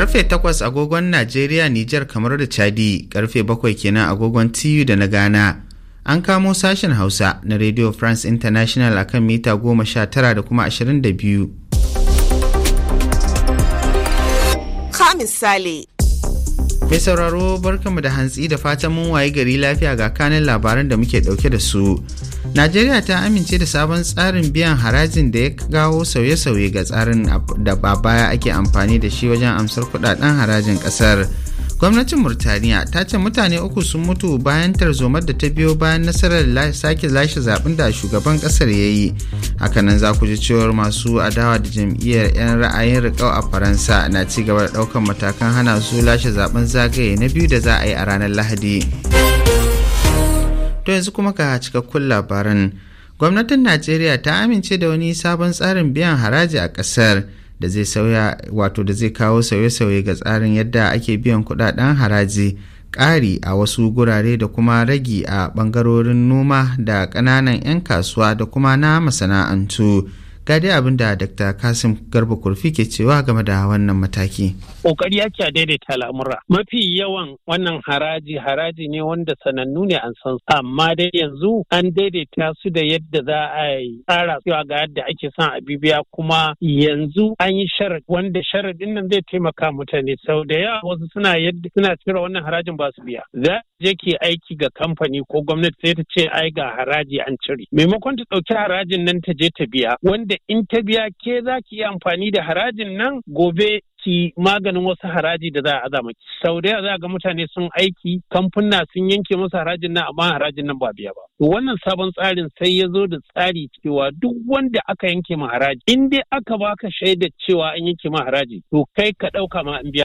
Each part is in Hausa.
Karfe 8 agogon Najeriya Nijar kamar da Chadi, karfe 7 kenan agogon TU da na Ghana. An kamo sashen Hausa na Radio France International akan mita 19 da kuma 22. Ka misali. Mai sauraro barkanmu da hantsi da fatan mun waye gari lafiya ga kanin labaran da muke dauke da su. Najeriya ta amince da sabon tsarin biyan harajin da ya gawo sauye-sauye ga tsarin da ba baya ake amfani da shi wajen amsar kudaden harajin kasar. Gwamnatin Murtaniya ta ce mutane uku sun mutu bayan tarzomar da ta biyo bayan nasarar sake lashe zaben da shugaban kasar ya yi. Hakanan za ku ji cewar masu adawa da jam'iyyar 'yan ra'ayin riƙau a Faransa na ci gaba da ɗaukar matakan hana su lashe zaben zagaye na biyu da za a yi a ranar Lahadi. To yanzu kuma ga cikakkun labaran. Gwamnatin Najeriya ta amince da wani sabon tsarin biyan haraji a kasar da zai sauya wato da zai kawo sauye-sauye ga tsarin yadda ake biyan kudaden haraji ƙari a wasu gurare da kuma ragi a ɓangarorin noma da ƙananan 'yan kasuwa da kuma na masana'antu. ga dai abin da dr kasim garba kurfi ke cewa game da wannan mataki kokari ya ce daidaita al'amura mafi yawan wannan haraji haraji ne wanda sanannu ne an san amma dai yanzu an daidaita su da yadda za a yi tsara cewa ga yadda ake son a bibiya kuma yanzu an yi sharad wanda sharadin nan zai taimaka mutane sau da yawa wasu suna yadda suna cire wannan harajin ba su biya za je ke aiki ga kamfani ko gwamnati sai ta ce ai ga haraji an cire maimakon ta ɗauki harajin nan ta je ta biya wanda in ta biya ke za ki yi amfani da harajin nan gobe ki maganin wasu haraji da za a aza ki. Sau da za a ga mutane sun aiki kamfuna sun yanke musu harajin nan amma harajin nan ba biya ba. Wannan sabon tsarin sai ya zo da tsari cewa duk wanda aka yanke ma haraji in dai aka baka shaida cewa an yanke ma haraji to kai ka ɗauka ma an biya.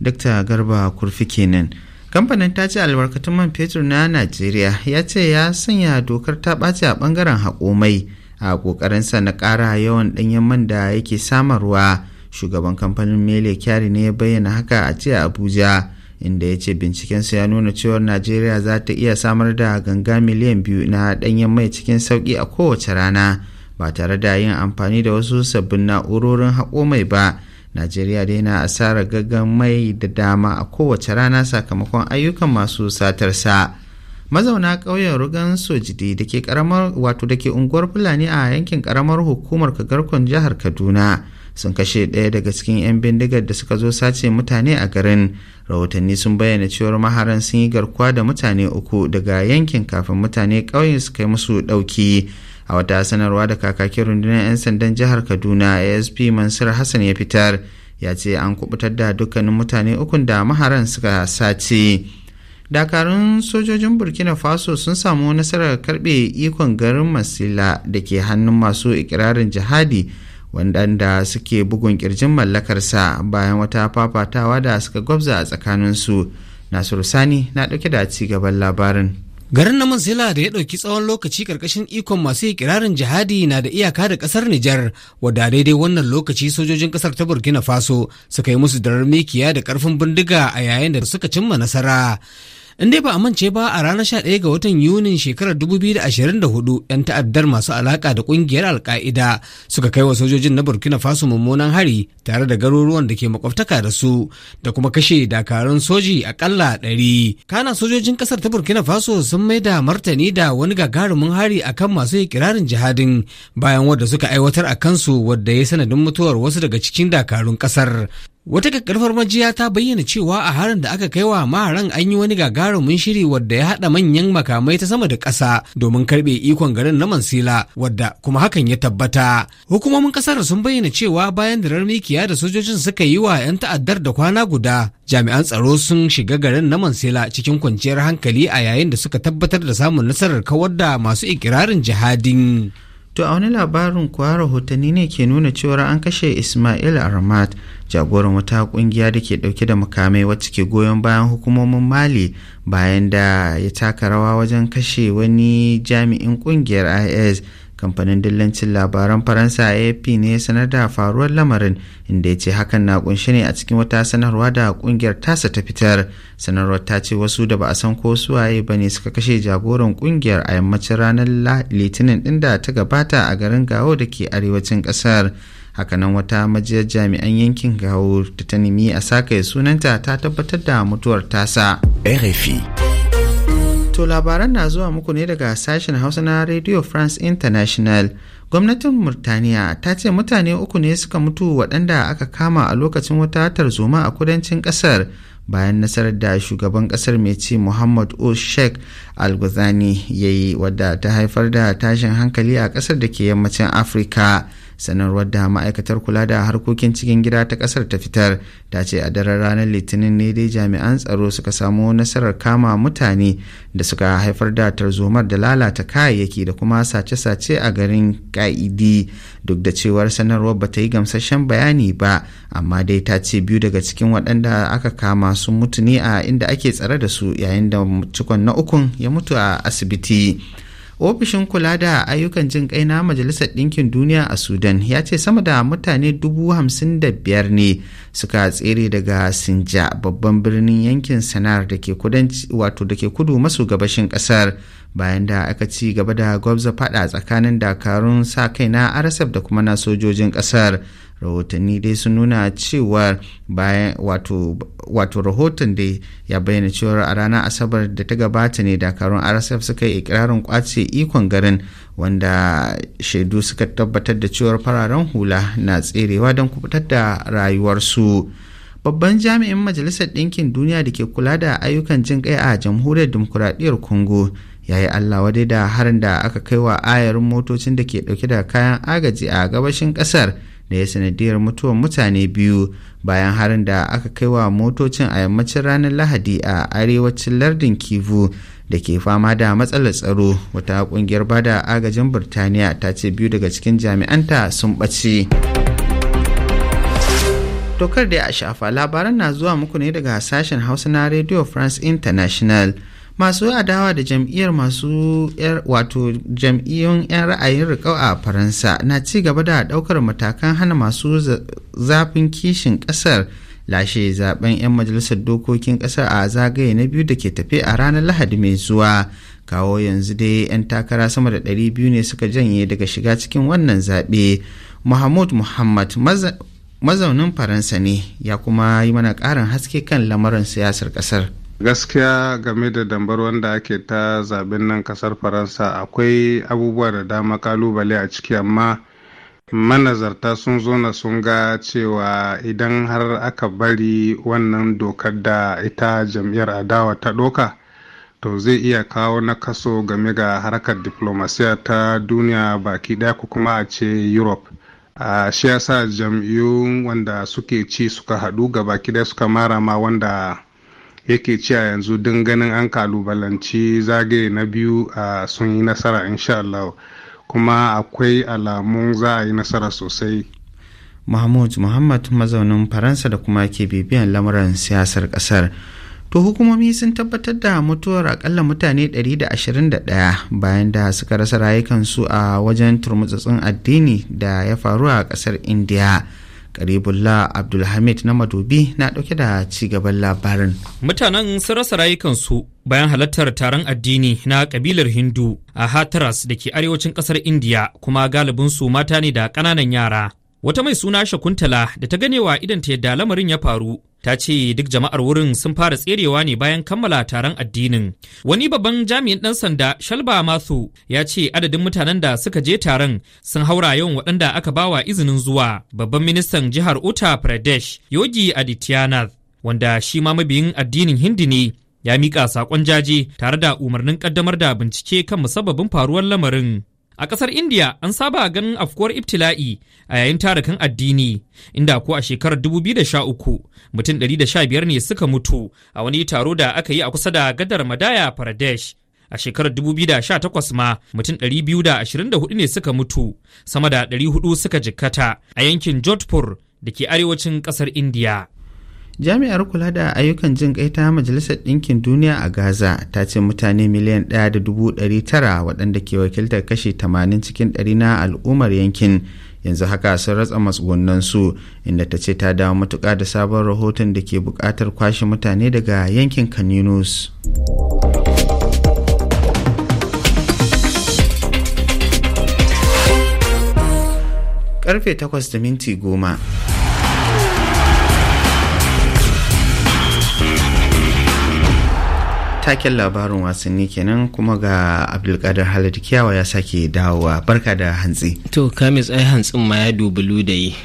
Dokta Garba Kurfi kenan. kamfanin ta ce albarkatun man fetur na najeriya ya ce ya sanya dokar ta ɓaci a ɓangaren haƙomai a sa na ƙara yawan ɗanyen man da yake samarwa shugaban kamfanin mele kyari ne ya bayyana haka a jiya abuja inda ya ce bincikensa ya nuna cewar najeriya za ta iya samar da ganga miliyan biyu na ɗanyen mai cikin sauƙi a kowace rana ba tare da yin amfani da wasu sabbin na'urorin haƙo mai ba najeriya dai na asarar gaggan mai da dama a kowace rana sakamakon ayyukan masu satarsa. mazauna ƙauyen rugan sojidi da ke karamar wato da ke unguwar fulani a yankin karamar hukumar kagarkon jihar kaduna sun kashe ɗaya daga cikin 'yan bindigar da suka zo sace mutane a garin rahotanni sun bayyana cewar maharan sun yi garkuwa da mutane uku daga yankin kafin mutane ƙauyen su kai musu ɗauki a wata sanarwa da kakakin rundunar 'yan sandan jihar kaduna asp mansur hassan ya fitar ya ce an kubutar da dukkanin mutane ukun da maharan suka sace dakarun sojojin burkina faso sun samu nasarar karbe ikon garin masila da ke hannun masu ikirarin jihadi waɗanda suke bugun kirjin mallakarsa bayan wata fafatawa da suka gwabza a tsakaninsu nasiru sani na ɗauke da ci gaban labarin Garin na Mansila da ya ɗauki tsawon lokaci karkashin ikon masu ikirarin jihadi na da iyaka da ƙasar Nijar, wadda daidai wannan lokaci sojojin ƙasar ta Burkina Faso suka yi musu darar mikiya da karfin bindiga a yayin da suka cimma nasara. in dai ba a mance ba a ranar 11 ga watan yunin shekarar 2024 'yan ta'addar masu alaka da kungiyar alka'ida suka kai wa sojojin na burkina faso mummunan hari tare da garuruwan da ke makwabtaka da su da kuma kashe dakarun soji akalla ɗari. kana sojojin ƙasar ta burkina faso sun mai da martani da wani gagarumin hari akan masu kirarin jihadin bayan wadda suka aiwatar a kansu wadda ya sanadin mutuwar wasu daga cikin dakarun ƙasar. Wata kakkarfar majiya ta bayyana cewa a harin da aka kai wa maharan an yi wani gagarumin shiri wadda ya haɗa manyan makamai ta sama da ƙasa domin karɓe ikon garin na Mansila wadda kuma hakan ya tabbata. Hukumomin ƙasar sun bayyana cewa bayan da mikiya da sojojin suka yi wa 'yan ta'addar da kwana guda jami'an tsaro sun shiga garin na Mansila cikin kwanciyar hankali a yayin da suka tabbatar da samun nasarar kawar da masu ikirarin jihadin. To a wani labarin kuwa rahotanni ne ke nuna cewa an kashe Ismail Armat jagoran wata kungiya da ke dauke da makamai wacce ke goyon bayan hukumomin Mali bayan da ya taka rawa wajen kashe wani jami'in kungiyar IS kamfanin dillancin labaran faransa afp ne ya sanar da faruwar lamarin inda ya ce hakan na kunshi ne a cikin wata sanarwa da kungiyar tasa ta fitar sanarwar ta ce wasu da ba a san ko su waye ba ne suka kashe jagoran kungiyar a yammacin ranar litinin din da ta gabata a garin gawo da ke arewacin kasar hakanan wata majiyar jami'an yankin gawo da ta nemi a sakaye sunanta ta tabbatar da mutuwar tasa rfi To labaran na zuwa muku ne daga sashen Hausa na Radio France International. Gwamnatin Murtaniya ta ce mutane uku ne suka mutu waɗanda aka kama a lokacin wata tarzoma a kudancin ƙasar bayan nasarar da shugaban ƙasar mai ci Muhammad O Sheikh al ya yi wadda ta haifar da tashin hankali a ƙasar da ke yammacin Afirka. sanarwar da ma'aikatar kula da harkokin cikin gida ta kasar ta fitar ta ce a daren ranar litinin ne dai jami'an tsaro suka samu nasarar kama mutane da suka haifar da tarzomar da lalata kayayyaki da kuma sace-sace a garin ka'idi duk da cewar sanarwar ba ta yi gamsashen bayani ba amma dai ta ce biyu daga cikin waɗanda aka kama sun mutu ne a inda ake tsare da su yayin da cikon na ukun ya mutu a asibiti. ofishin kula da ayyukan jin kai na majalisar ɗinkin duniya a sudan ya ce sama da mutane dubu hamsin da biyar ne suka tsere daga sinja babban birnin yankin sanar da ke kudu maso gabashin ƙasar bayan da aka ci gaba da gwabza fada tsakanin dakarun sa kai na rsf da kuma na sojojin kasar rahotanni dai sun nuna cewar bayan wato rahoton dai ya bayyana cewar a ranar asabar da ta gabata ne dakarun rsf suka yi ikirarin kwace ikon garin wanda shaidu suka tabbatar da cewar fararen hula na tserewa don kubutar da rayuwarsu babban jami'in majalisar ɗinkin duniya da ke kula da ayyukan jin kai a jamhuriyar dimokuraɗiyyar congo yayi yi allah wadai da harin da aka kai wa ayarin motocin da ke dauke da kayan agaji a gabashin kasar da ya sanadiyar mutuwar mutane biyu bayan harin da aka kai wa motocin a yammacin ranar lahadi a arewacin lardin kivu da ke fama da matsalar tsaro wata kungiyar bada agajin birtaniya ta ce biyu daga cikin jami'anta sun ɓace tokar da ya shafa labaran na zuwa muku ne daga sashen hausa na radio france international masu adawa da jam'iyyar masu wato jam'iyyun 'yan ra'ayin riƙau a faransa na ci gaba da ɗaukar matakan hana masu zafin kishin ƙasar lashe zaben 'yan majalisar dokokin ƙasar a zagaye na biyu da ke tafe a ranar lahadi mai zuwa kawo yanzu dai 'yan takara sama da 200 ne suka janye daga shiga cikin wannan zaɓe mahmud muhammad mazaunin faransa ne ya kuma yi mana ƙarin haske kan lamarin siyasar ƙasar gaskiya game da dambar wanda ake ta zaben nan kasar faransa akwai abubuwa da dama kalubale a ciki amma manazarta sun zo na sun ga cewa idan har aka bari wannan dokar da ita jam'iyyar adawa ta doka to zai iya kawo na kaso game ga harkar diplomasiya ta duniya baki daya ko kuma a ce europe a shi yasa jam'iyyun wanda suke ci suka haɗu gaba daya suka mara ma wanda yake a yanzu don ganin an kalubalanci zagaye na biyu a sun yi nasara insha Allah kuma akwai alamun za a yi nasara sosai mahmud muhammad mazaunin faransa da kuma ke bibiyan lamuran siyasar kasar to hukumomi sun tabbatar da mutuwar akalla mutane 121 bayan da suka rasa rayukansu a wajen turmutsatsin addini da ya faru a kasar india karibulla Abdulhamid na Madobi na ɗauke da ci gaban labarin. Mutanen sun rasa rayukansu bayan halartar taron addini na kabilar Hindu a Hatras da ke arewacin ƙasar Indiya kuma galibinsu mata ne da ƙananan yara. Wata mai suna Shakuntala da ta ganewa idan ta yadda lamarin ya faru ta ce duk jama'ar wurin sun fara tserewa ne bayan kammala taron addinin wani babban jami'in ɗan sanda shalba mathu ya ce adadin mutanen da suka je taron sun haura yawan waɗanda aka bawa izinin zuwa babban ministan jihar uttar pradesh yogi adityanath wanda shi ma mabiyin addinin hindi ne ya miƙa saƙon jaje tare da umarnin ƙaddamar da bincike kan musabbabin faruwar lamarin A ƙasar India an saba ganin afkuwar ibtila'i a yayin tarakan addini, inda ko a shekarar 2013 mutum 115 ne suka mutu a wani taro da aka yi a kusa da gadar Madaya Pradesh. a shekarar 2018 ma mutum 224 ne suka mutu sama da 400 suka jikkata a yankin jodhpur da ke arewacin ƙasar india jami'ar kula da ayyukan jin kai ta majalisar ɗinkin duniya a gaza ta ce mutane miliyan ɗaya waɗanda ke wakiltar kashi 80 cikin ɗari na al'ummar yankin yanzu haka sun ratsa matsugunansu inda ta ce ta dawo matuƙa da sabon rahoton da ke buƙatar kwashe mutane daga yankin kaninus karfe 8:00 da minti goma taken labarin wasanni kenan kuma ga abdulkadir halittu kiyawa ya sake dawowa barka da hantsi to kamis ai hantsin ma ya dubulu da yi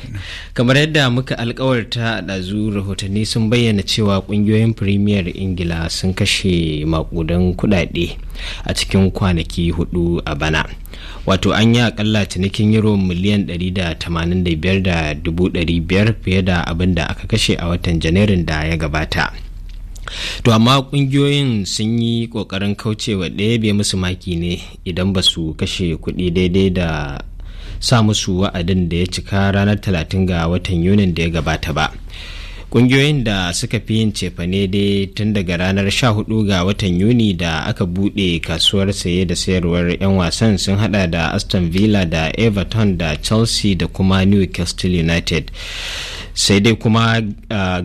kamar yadda muka alkawarta a ɗazu rahotanni sun bayyana cewa ƙungiyoyin firimiyar ingila sun kashe makudan kuɗaɗe a cikin kwanaki hudu a bana wato an yi akalla cinikin euro miliyan 185,500 fiye da abin da aka kashe a watan janairun da ya gabata to amma kungiyoyin sun yi kokarin kaucewa ɗaya bai musu maki ne idan ba su kashe kuɗi daidai da sa musu wa'adin da ya cika ranar 30 ga watan yunin da ya gabata ba kungiyoyin da suka fi yin cefane dai tun daga ranar 14 ga watan yuni da aka bude kasuwar saye da sayarwar 'yan wasan sun hada da aston villa da everton da chelsea da kuma newcastle united sai dai kuma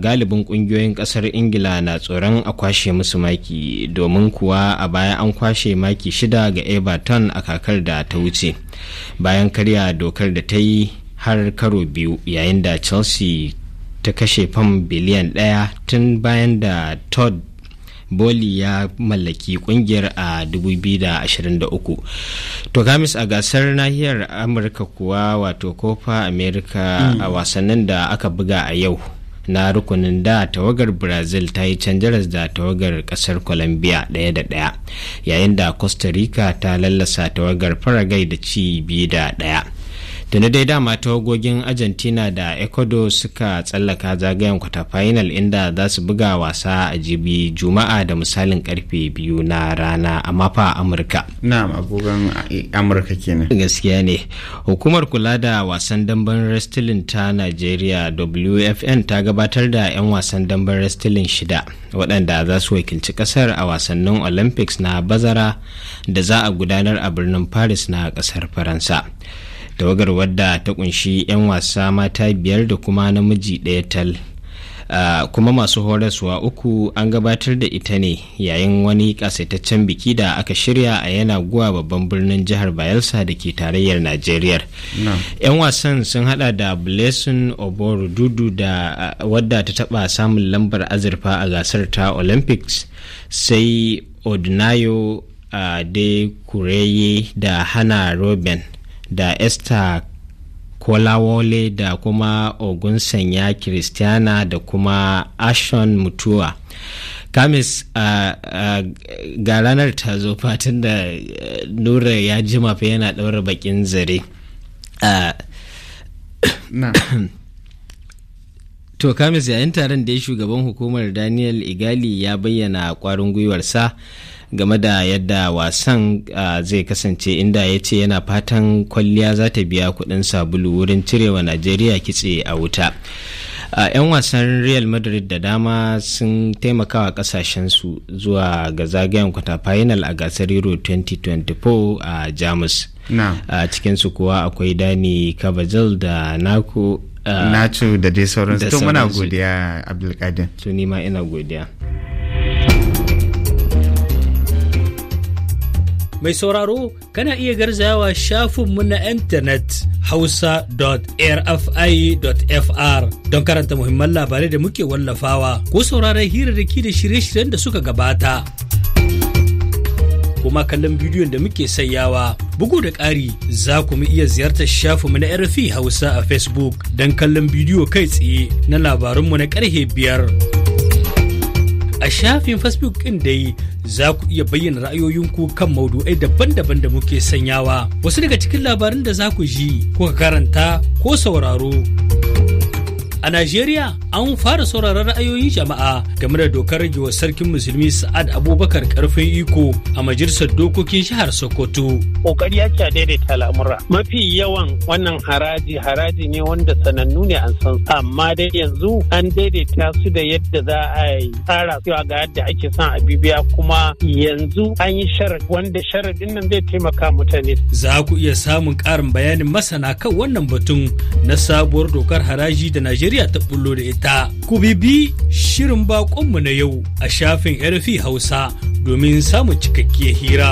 galibin kungiyoyin kasar ingila na tsoron a kwashe musu maki domin kuwa a baya an kwashe maki shida ga everton a kakar da ta wuce bayan karya dokar da ta yi har karo biyu yayin da chelsea ta kashe fam biliyan ɗaya tun bayan da todd boli ya mallaki kungiyar a 2023 to gamis a gasar nahiyar amurka kuwa wato kofa america a mm. wasannin da aka buga a yau na rukunin da tawagar brazil ta yi canjaras da tawagar kasar colombia ɗaya da ɗaya yayin da costa rica ta lallasa tawagar paraguay da ci biyu da ɗaya da na dai dama ta wagogin argentina da ecuador suka tsallaka zagayen kwata final inda za su buga wasa a jibi juma'a da misalin karfe biyu na rana a mafa amurka na agogon amurka kenan gaskiya ne hukumar kula da wasan damben wrestling ta nigeria wfn ta gabatar da 'yan wasan damben wrestling shida waɗanda za su wakilci ƙasar a wasannin olympics na bazara da za a gudanar a birnin paris na ƙasar faransa tawagar wadda ta kunshi 'yan wasa mata biyar da kuma namiji ɗaya tal kuma masu horaswa uku an gabatar da ita ne yayin wani kasaitaccen biki da aka shirya a yana guwa babban birnin jihar bayelsa da ke tarayyar najeriya yan wasan sun hada da blessing oboru dudu da wadda ta taba samun lambar azurfa a gasar ta olympics sai odinayo de kureye da hana robin da esther kolawole da kuma ogun sanya christiana da kuma ashon mutuwa kamis a ga ranar ta zo fatin da eh, nura ya jima fa yana ɗaura bakin zare to kamis yayin taron da ya shugaban hukumar daniel igali ya bayyana kwarin gwiwarsa game da yadda wasan zai kasance inda ya ce yana fatan kwalliya za ta biya kudin sabulu wurin cirewa najeriya kitse a wuta a 'yan wasan real madrid da dama sun taimakawa kasashensu zuwa ga zagayen kwata final a gasar euro 2024 a uh, jamus no. a cikinsu kuwa akwai dani kabajal da Uh, nacho da dai sauransu to muna godiya abdulkadir to nima ina godiya Mai sauraro kana iya garzawa shafinmu na intanet hausa.rfi.fr don karanta muhimman labarai da muke wallafawa ko sauraron hirarraki da shirye-shiryen da suka gabata. kuma kallon bidiyon da muke sayawa bugu da ƙari za ku mu iya ziyartar shafinmu na rfi hausa a facebook don kallon bidiyo kai tsaye na labarunmu na ƙarhe biyar a shafin facebook ɗin dai za ku iya bayyana ra'ayoyinku kan maudu'ai daban-daban da muke sanyawa wasu daga cikin labarin da za ku ji kuka karanta ko sauraro a najeriya an fara sauraron ra'ayoyin jama'a game da dokar rage wa sarkin musulmi sa'ad abubakar karfin iko a majalisar dokokin jihar sokoto kokari ya ce daidaita al'amura mafi yawan wannan haraji haraji ne wanda sanannu ne an san amma dai yanzu an daidaita su da yadda za a yi tsara cewa ga yadda ake son a bibiya kuma yanzu an yi sharad wanda sharadin nan zai taimaka mutane za ku iya samun ƙarin bayanin masana kan wannan batun na sabuwar dokar haraji da najeriya ta bullo da ita ta. Ku bibi shirin bakonmu na yau a shafin RFI Hausa domin samun cikakkiyar hira.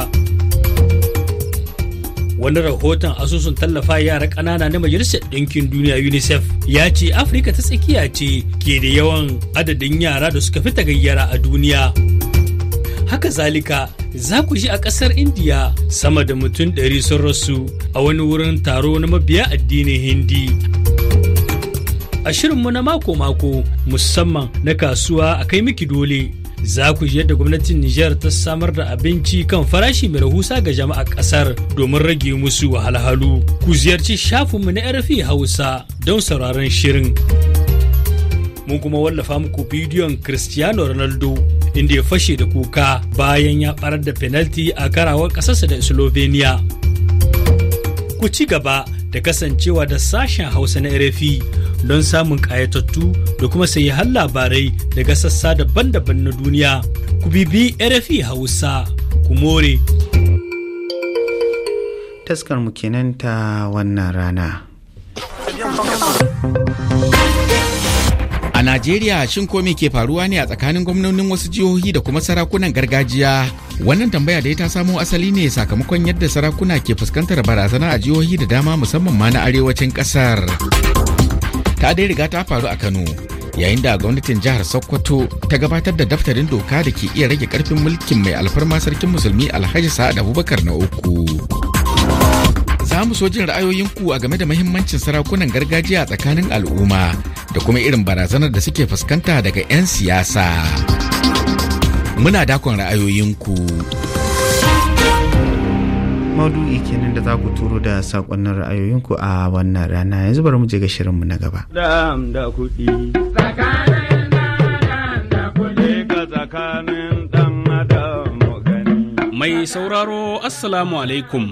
wani rahoton asusun tallafa yara ƙanana na majalisar ɗinkin duniya unicef ya ce afirka ta tsakiya ce ke da yawan adadin yara da suka fi tagayyara a duniya haka zalika za ku ji a ƙasar indiya sama da mutum ɗari sun rasu a wani wurin taro na mabiya addinin hindi a shirin mu na mako-mako musamman na kasuwa a kai miki dole. Za ku ji yadda gwamnatin Nijar ta samar da abinci kan farashi mai rahusa ga jama'a ƙasar domin rage musu wahalhalu. Ku ziyarci shafin mu na RFI Hausa don sauraron shirin. Mun kuma wallafa muku bidiyon Cristiano Ronaldo inda ya fashe da kuka bayan ya barar da penalti a karawar ƙasarsa da Slovenia. Ku ci gaba da kasancewa da sashen Hausa na RFI don samun ƙayatattu da kuma har labarai daga sassa daban-daban na duniya. Ku bibi RFI Hausa, ku more. Taskar mu kenan ta wannan rana. A Najeriya shin ko ke faruwa ne a tsakanin gwamnonin wasu jihohi da kuma sarakunan gargajiya Wannan tambaya da ta samo asali ne sakamakon yadda sarakuna ke fuskantar barazana a jihohi da dama musamman ma na arewacin kasar. Ta dai riga ta faru a Kano, yayin da gwamnatin jihar Sokoto ta gabatar da daftarin doka da ke iya rage karfin mulkin mai alfarma sarkin musulmi Alhaji Sa'ad Abubakar na uku. Za mu so jin ra'ayoyinku a game da mahimmancin sarakunan gargajiya tsakanin al'umma da kuma irin barazanar da suke fuskanta daga 'yan siyasa. muna dakon ra'ayoyinku maudu'i kenan da za ku turo da sakonnin ra'ayoyinku a wannan rana yanzu bari mu je ga shirinmu na gaba da mai sauraro assalamu alaikum